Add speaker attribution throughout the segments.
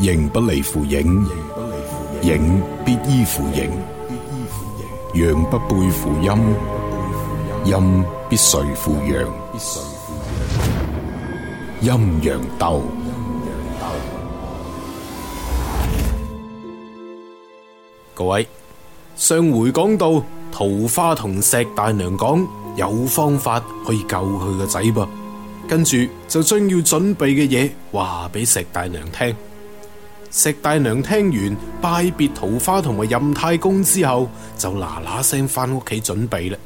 Speaker 1: 形不離乎影，影必依乎形；陽不背乎陰，陰必隨乎陽。陰陽鬥。各位，上回講到桃花同石大娘講有方法可以救佢個仔噃，跟住就將要準備嘅嘢話俾石大娘聽。石大娘聽完拜別桃花同埋任太公之後，就嗱嗱聲翻屋企準備啦。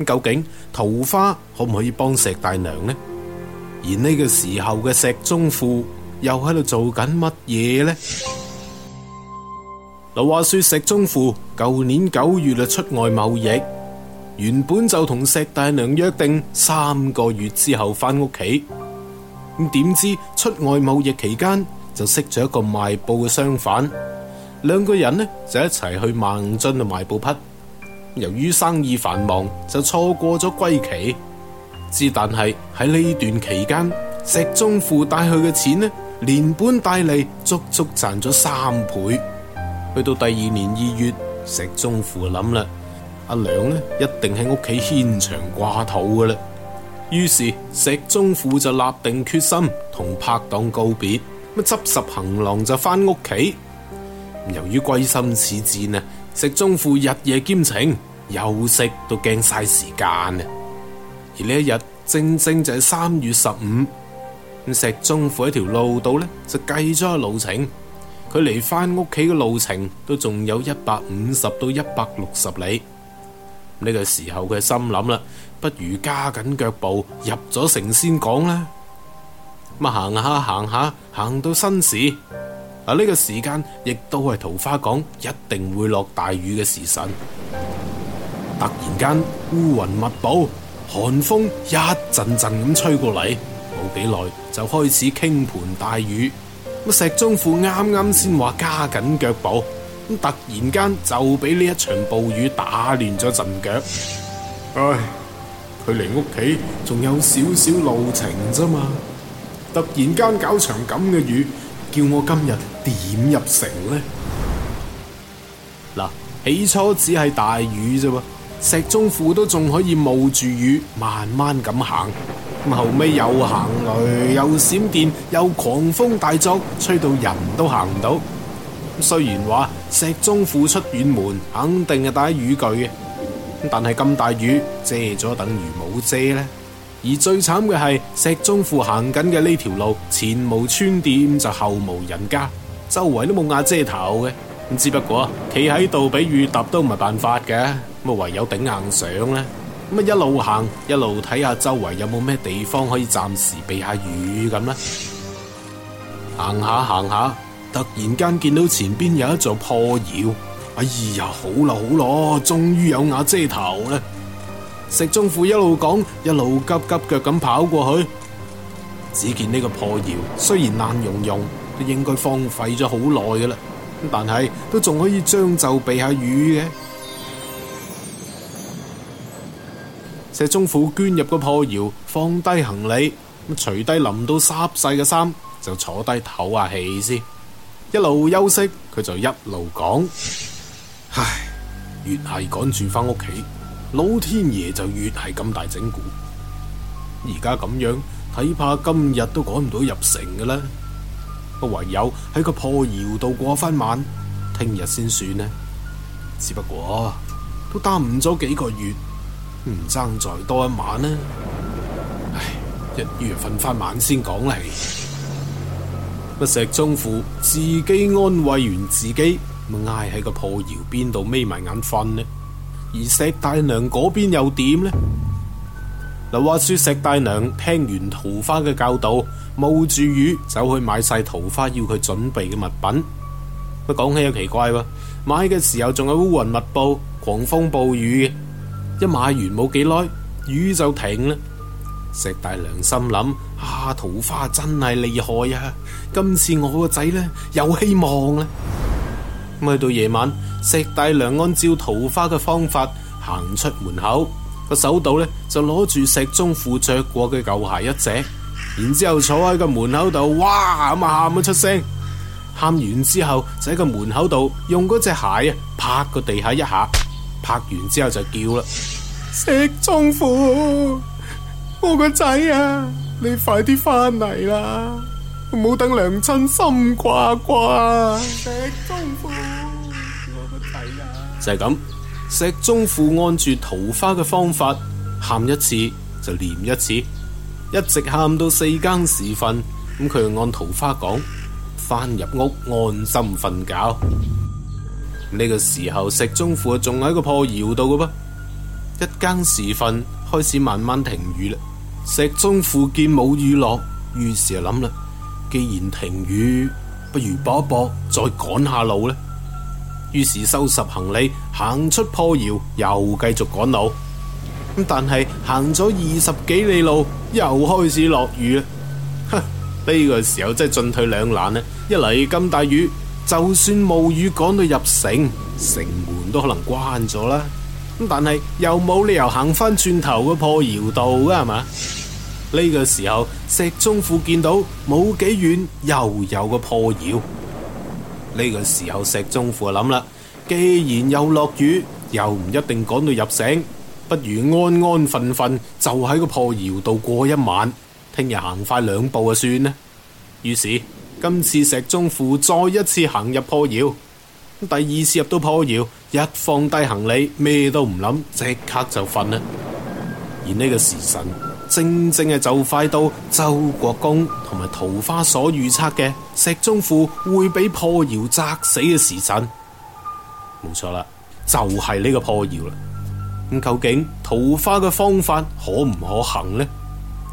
Speaker 1: 咁究竟桃花可唔可以幫石大娘呢？而呢個時候嘅石宗輔又喺度做緊乜嘢呢？老話說石宗輔舊年九月啦出外貿易，原本就同石大娘約定三個月之後翻屋企，咁點知出外貿易期間，就識咗一個賣布嘅商販，兩個人呢就一齊去孟津度賣布匹。由於生意繁忙，就錯過咗歸期。之但係喺呢段期間，石宗輔帶去嘅錢呢，連本帶利足足賺咗三倍。去到第二年二月，石宗輔諗啦，阿娘呢一定喺屋企牽腸掛肚噶啦。於是石宗輔就立定決心同拍檔告別。乜執拾行囊就翻屋企。由於歸心似箭啊，石宗輔日夜兼程，休息都驚晒時間啊。而呢一日正正就係三月十五，咁石宗輔喺條路度咧就計咗路程，佢離翻屋企嘅路程都仲有一百五十到一百六十里。呢、這個時候佢心諗啦，不如加緊腳步入咗城先講啦。咁行下行下，行到新市，嗱、啊、呢、這個時間亦都係桃花港一定會落大雨嘅時辰。突然間烏雲密布，寒風一陣陣咁吹過嚟，冇幾耐就開始傾盆大雨。咁、啊、石宗輔啱啱先話加緊腳步，咁、啊、突然間就俾呢一場暴雨打亂咗陣腳。唉，佢離屋企仲有少少路程咋嘛？突然間搞場咁嘅雨，叫我今日點入城呢？嗱，起初只係大雨啫，石宗輔都仲可以冒住雨慢慢咁行。咁後尾又行雷，又閃電，又狂風大作，吹到人都行唔到。雖然話石宗輔出遠門，肯定係帶雨具嘅，但係咁大雨遮咗，等於冇遮呢。而最慘嘅係石宗輔行緊嘅呢條路前無村店就後無人家，周圍都冇瓦遮頭嘅咁，只不過企喺度俾雨揼都唔係辦法嘅，咁唯有頂硬上咧，咁啊一路行一路睇下周圍有冇咩地方可以暫時避下雨咁啦，行下行下，突然間見到前邊有一座破窯，哎呀好咯好咯，終於有瓦遮頭啦！石宗輔一路講，一路急急腳咁跑過去。只見呢個破窑雖然爛溶溶，都應該荒廢咗好耐噶啦，但係都仲可以將就避下雨嘅。石宗輔鑽入個破窑，放低行李，咁除低淋到濕晒嘅衫，就坐低唞下氣先。一路休息，佢就一路講，唉，越係趕住翻屋企。老天爺就越係咁大整蠱，而家咁樣睇怕今日都趕唔到入城嘅啦。唯有喺個破窯度過翻晚，聽日先算呢。只不過都耽誤咗幾個月，唔爭再多一晚呢。唉，一於瞓翻晚先講嚟，個石宗輔自己安慰完自己，咪嗌喺個破窯邊度眯埋眼瞓呢。而石大娘嗰邊又點呢？嗱，話說石大娘聽完桃花嘅教導，冒住雨走去買晒桃花要佢準備嘅物品。佢講起又奇怪喎，買嘅時候仲有烏雲密布、狂風暴雨，一買完冇幾耐，雨就停啦。石大娘心諗：啊，桃花真係厲害呀，啊！今次我個仔呢，有希望啦！咁去到夜晚，石大娘按照桃花嘅方法行出門口，個手度呢，就攞住石宗輔着過嘅舊鞋一隻，然之後坐喺個門口度，哇咁啊喊咗出聲，喊完之後就喺個門口度用嗰隻鞋啊拍個地下一下，拍完之後就叫啦：石宗輔，我個仔啊，你快啲翻嚟啦，唔好等娘親心掛掛石宗輔。就係咁，石宗輔按住桃花嘅方法，喊一次就念一次，一直喊到四更時分，咁佢就按桃花講，翻入屋安心瞓覺。呢、這個時候，石宗輔仲喺個破窑度嘅噃，一更時分開始慢慢停雨啦。石宗輔見冇雨落，於是就諗啦，既然停雨，不如搏一搏，再趕下路呢。於是收拾行李，行出破窯，又繼續趕路。咁但係行咗二十幾里路，又開始落雨啦。呢個時候真係進退兩難咧。一嚟咁大雨，就算冒雨趕到入城，城門都可能關咗啦。咁但係又冇理由行翻轉頭個破窯道噶係嘛？呢個時候，石宗輔見到冇幾遠又有個破窯。呢個時候，石宗輔就諗啦，既然又落雨，又唔一定趕到入城，不如安安分分，就喺個破窑度過一晚，聽日行快兩步就算啦。於是，今次石宗輔再一次行入破窑，第二次入到破窑，一放低行李，咩都唔諗，即刻就瞓啦。而呢個時辰。正正係就快到周國公同埋桃花所預測嘅石宗輔會俾破窯砸死嘅時辰，冇錯啦，就係呢個破窯啦。咁究竟桃花嘅方法可唔可行呢？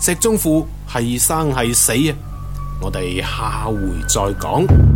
Speaker 1: 石宗輔係生係死啊？我哋下回再講。